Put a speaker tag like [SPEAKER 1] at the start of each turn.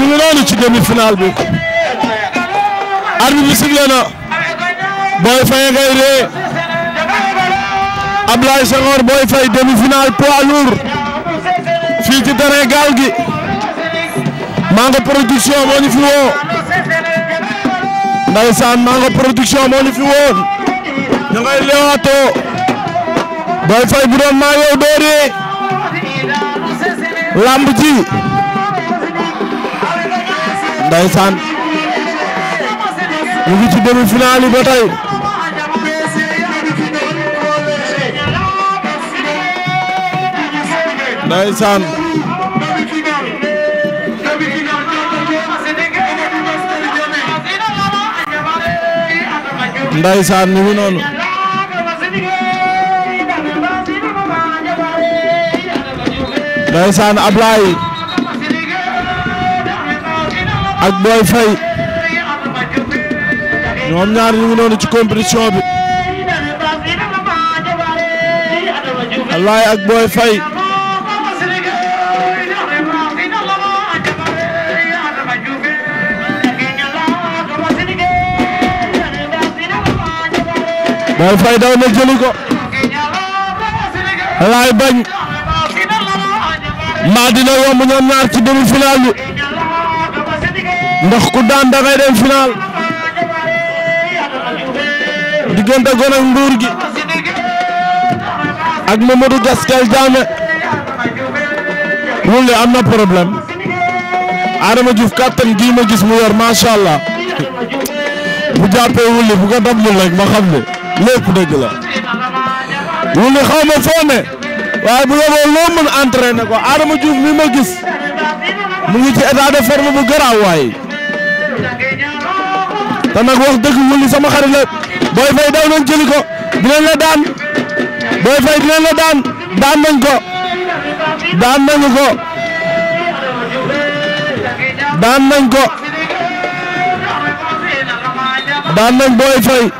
[SPEAKER 1] ñu ngi noonu ci demi-finale bi arbitre bi sifflé na Boy Faye ngay ree Ablaye Senghor Boy Faye demi-finale poids fii ci terrain gaal gi Mango Production moo ñu fi woo ndaysaan Mango Production moo fi woon ñu ngay leewaatoo Boy Faye bu doon maa yow dooree ndeysaan ñu ngi ci demi ba tey ndeysaan ndeysaan ak Boy Faye ñoom ñaar ñu ngi noonu ci compétition bi Laye ak Boy Faye Boy Faye daw ci demi-finale ndax ku daan da ngay dem final diggante Gora Mbour gi ak Mamadou Gaskel Diamé loolu de am na problème Adama Diouf kàttan gii ma gis mu yor macha allah bu jàppee wulli bu ko dablu ma xam ne lépp dëgg wulli xaw ma waaye bu yoboo loo mën entraîné ko Adama Diouf mi ma mu ngi ci état de forme bu garaaw waaye te nag wax dëgg wuli sama xarit la Boy Faye daw nañ jëli ko dinañ la daan Boy Faye dinañ la daan daan nañ ko daan nañ ko daan nañ ko daan nañ Boy Faye